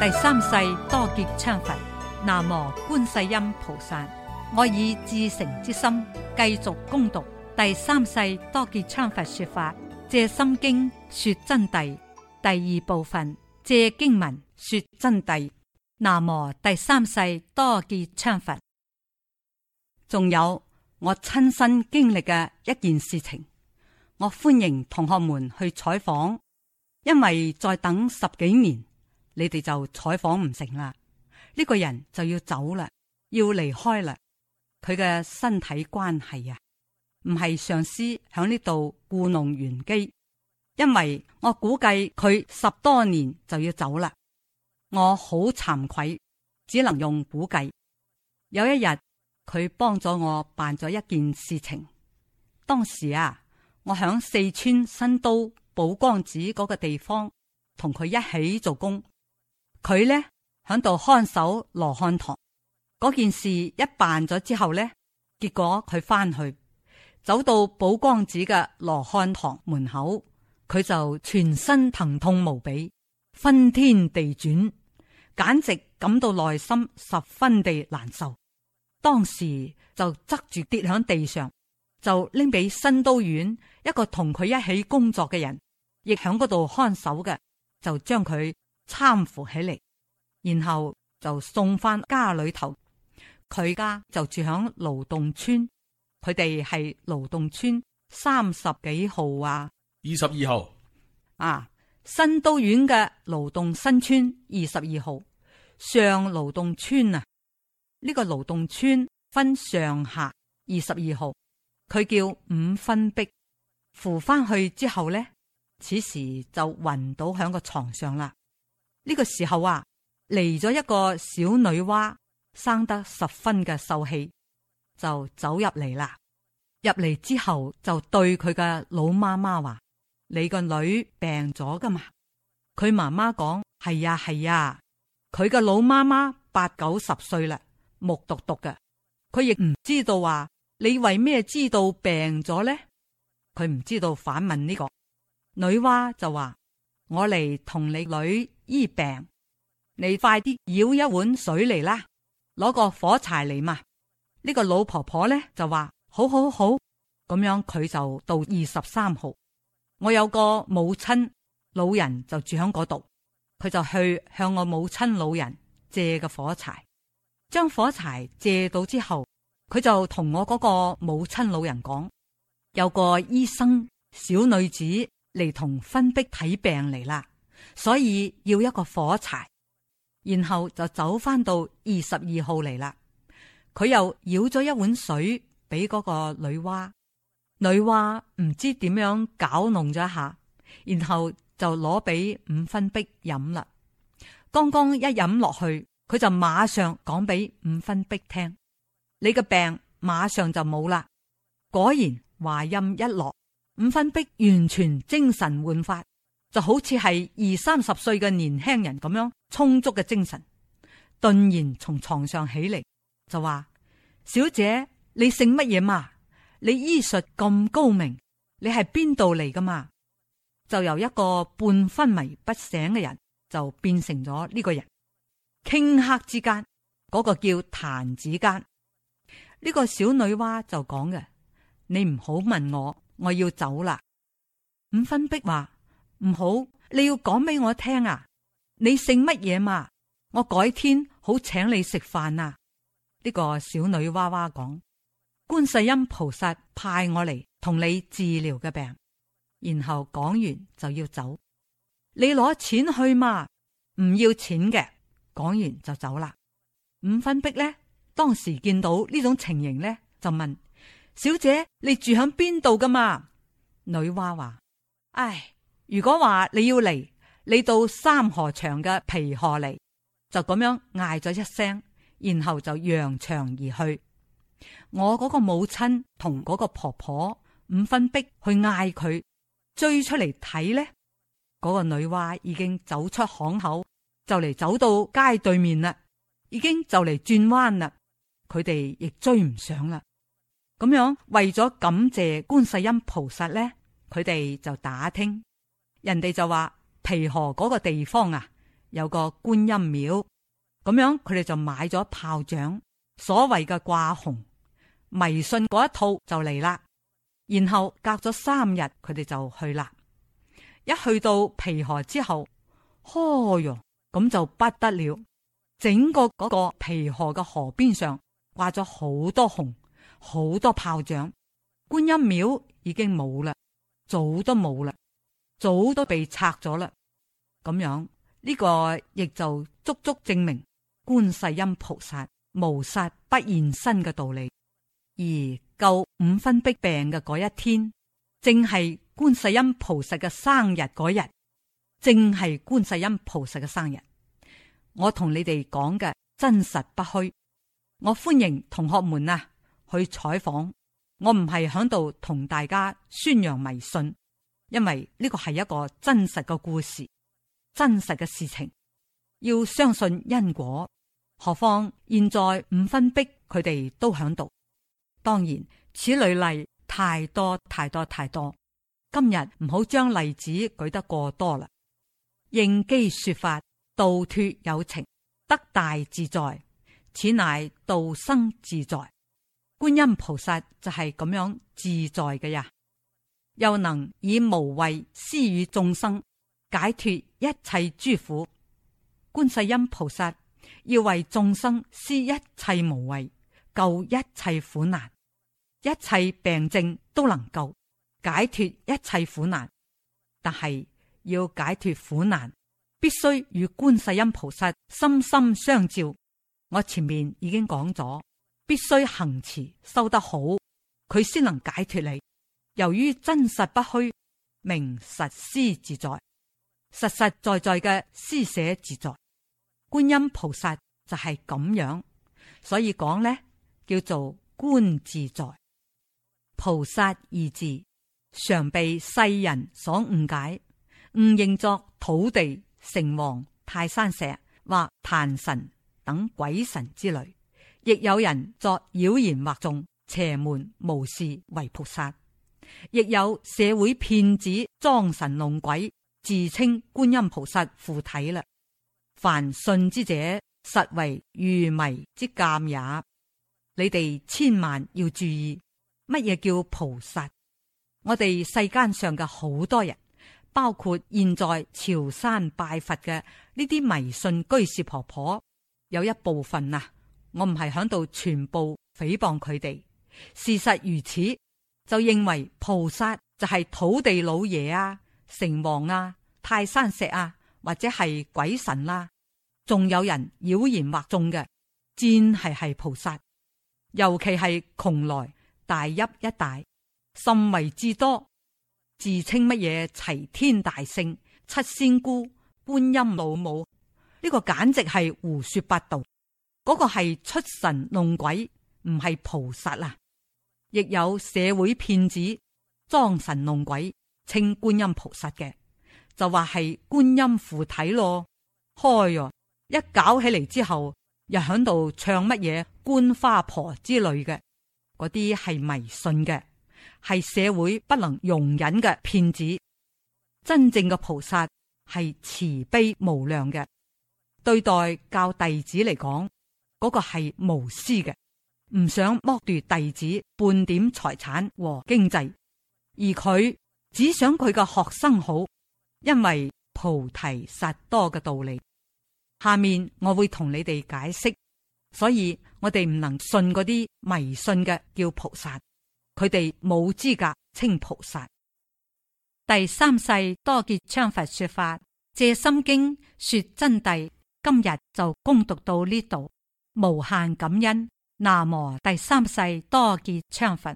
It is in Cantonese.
第三世多杰羌佛，南無觀世音菩薩。我以至誠之心繼續恭讀第三世多杰羌佛說法，藉心經說真諦第二部分，藉經文說真諦。南無第三世多杰羌佛。仲有我親身經歷嘅一件事情，我歡迎同學們去採訪，因為再等十幾年。你哋就採訪唔成啦，呢個人就要走啦，要離開啦。佢嘅身體關係啊，唔係上司響呢度故弄玄機，因為我估計佢十多年就要走啦。我好慚愧，只能用估計。有一日，佢幫咗我辦咗一件事情。當時啊，我響四川新都寶光寺嗰個地方同佢一起做工。佢咧響度看守羅漢堂嗰件事一辦咗之後咧，結果佢翻去走到寶光寺嘅羅漢堂門口，佢就全身疼痛無比，昏天地轉，簡直感到內心十分地難受。當時就側住跌響地上，就拎俾新都縣一個同佢一起工作嘅人，亦響嗰度看守嘅，就將佢攙扶起嚟，然後就送翻家裏頭。佢家就住響勞動村，佢哋係勞動村三十幾號啊，二十二號啊，新都縣嘅勞動新村二十二號上勞動村啊。呢、這個勞動村分上下，二十二號佢叫五分壁。扶翻去之後咧，此時就暈倒響個床上啦。呢個時候啊，嚟咗一個小女娃，生得十分嘅秀氣，就走入嚟啦。入嚟之後就對佢嘅老媽媽話：「你個女病咗噶嘛？」佢媽媽講：「係啊，係啊。」佢嘅老媽媽八九十歲啦，目獨獨嘅，佢亦唔知道話你為咩知道病咗咧？佢唔知道反問呢個女娃就話。我嚟同你女醫病，你快啲舀一碗水嚟啦，攞個火柴嚟嘛。呢、這個老婆婆呢就話：好好好，咁樣佢就到二十三號。我有個母親老人就住響嗰度，佢就去向我母親老人借個火柴。將火柴借到之後，佢就同我嗰個母親老人講：有個醫生小女子。嚟同分碧睇病嚟啦，所以要一個火柴，然後就走翻到二十二號嚟啦。佢又舀咗一碗水俾嗰個女娃，女娃唔知點樣搞弄咗一下，然後就攞俾五分碧飲啦。剛剛一飲落去，佢就馬上講俾五分碧聽：你個病馬上就冇啦。果然話音一落。五分壁完全精神煥發，就好似係二三十歲嘅年輕人咁樣充足嘅精神。頓然從床上起嚟，就話：小姐，你姓乜嘢嘛？你醫術咁高明，你係邊度嚟噶嘛？就由一個半昏迷不醒嘅人，就變成咗呢個人。頃刻之間，嗰、那個叫譚子間呢、這個小女娃就講嘅：你唔好問我。我要走啦，五分碧話唔好，你要講俾我聽啊！你姓乜嘢嘛？我改天好請你食飯啊！呢、這個小女娃娃講，觀世音菩薩派我嚟同你治療嘅病。然後講完就要走，你攞錢去嘛？唔要錢嘅。講完就走啦。五分碧呢，當時見到呢種情形呢，就問。小姐，你住響邊度噶嘛？女娃話：唉，如果話你要嚟，你到三河場嘅皮河嚟，就咁樣嗌咗一聲，然後就揚長而去。我嗰個母親同嗰個婆婆五分逼去嗌佢，追出嚟睇咧，嗰、那個女娃已經走出巷口，就嚟走到街對面啦，已經就嚟轉彎啦，佢哋亦追唔上啦。咁樣為咗感謝觀世音菩薩咧，佢哋就打聽，人哋就話皮河嗰個地方啊，有個觀音廟。咁樣佢哋就買咗炮仗，所謂嘅掛紅，迷信嗰一套就嚟啦。然後隔咗三日，佢哋就去啦。一去到皮河之後，呵喲，咁就不得了，整個嗰個皮河嘅河邊上掛咗好多紅。好多炮仗，觀音廟已經冇啦，早都冇啦，早都被拆咗啦。咁樣呢個亦就足足證明觀世音菩薩無殺不現身嘅道理。而救五分逼病嘅嗰一天，正係觀世音菩薩嘅生日嗰日，正係觀世音菩薩嘅生日。我同你哋講嘅真實不虛，我歡迎同學們啊！去採訪，我唔係響度同大家宣揚迷信，因為呢個係一個真實嘅故事，真實嘅事情要相信因果。何況現在五分逼，佢哋都響度。當然此類例太多太多太多。今日唔好將例子舉得過多啦，應機說法，度脫有情，得大自在，此乃度生自在。觀音菩薩就係咁樣自在嘅呀，又能以無畏施與眾生，解脫一切諸苦。觀世音菩薩要為眾生施一切無畏，救一切苦難，一切病症都能夠解脫一切苦難。但係要解脫苦難，必須與觀世音菩薩心心相照。我前面已經講咗。必須行持修得好，佢先能解脫你。由於真實不虛，明實施自在，實實在在嘅施捨自在，觀音菩薩就係咁樣。所以講呢，叫做觀自在。菩薩二字，常被世人所誤解，誤認作土地、城隍、泰山石或壇神等鬼神之類。亦有人作妖言惑眾，邪門巫事為菩薩；亦有社會騙子裝神弄鬼，自稱觀音菩薩附體啦。凡信之者，實為愚迷之鑒也。你哋千萬要注意，乜嘢叫菩薩？我哋世間上嘅好多人，包括現在朝山拜佛嘅呢啲迷信居士婆婆，有一部分啊。我唔係喺度全部誹謗佢哋，事實如此，就認為菩薩就係土地老爺啊、城隍啊、泰山石啊，或者係鬼神啦、啊，仲有人妖言惑眾嘅，箭係係菩薩，尤其係邛崍大邑一,一帶甚為之多，自稱乜嘢齊天大聖、七仙姑、觀音老母，呢、這個簡直係胡說八道。嗰個係出神弄鬼，唔係菩薩啊！亦有社會騙子裝神弄鬼，稱觀音菩薩嘅，就話係觀音附體咯。開啊！一搞起嚟之後，又響度唱乜嘢觀花婆之類嘅，嗰啲係迷信嘅，係社會不能容忍嘅騙子。真正嘅菩薩係慈悲無量嘅，對待教弟子嚟講。嗰個係無私嘅，唔想剝奪弟子半點財產和經濟，而佢只想佢嘅學生好，因為菩提薩埵嘅道理。下面我會同你哋解釋，所以我哋唔能信嗰啲迷信嘅叫菩薩，佢哋冇資格稱菩薩。第三世多杰羌佛說法，藉心經說真諦。今日就恭讀到呢度。無限感恩，南無第三世多杰羌佛。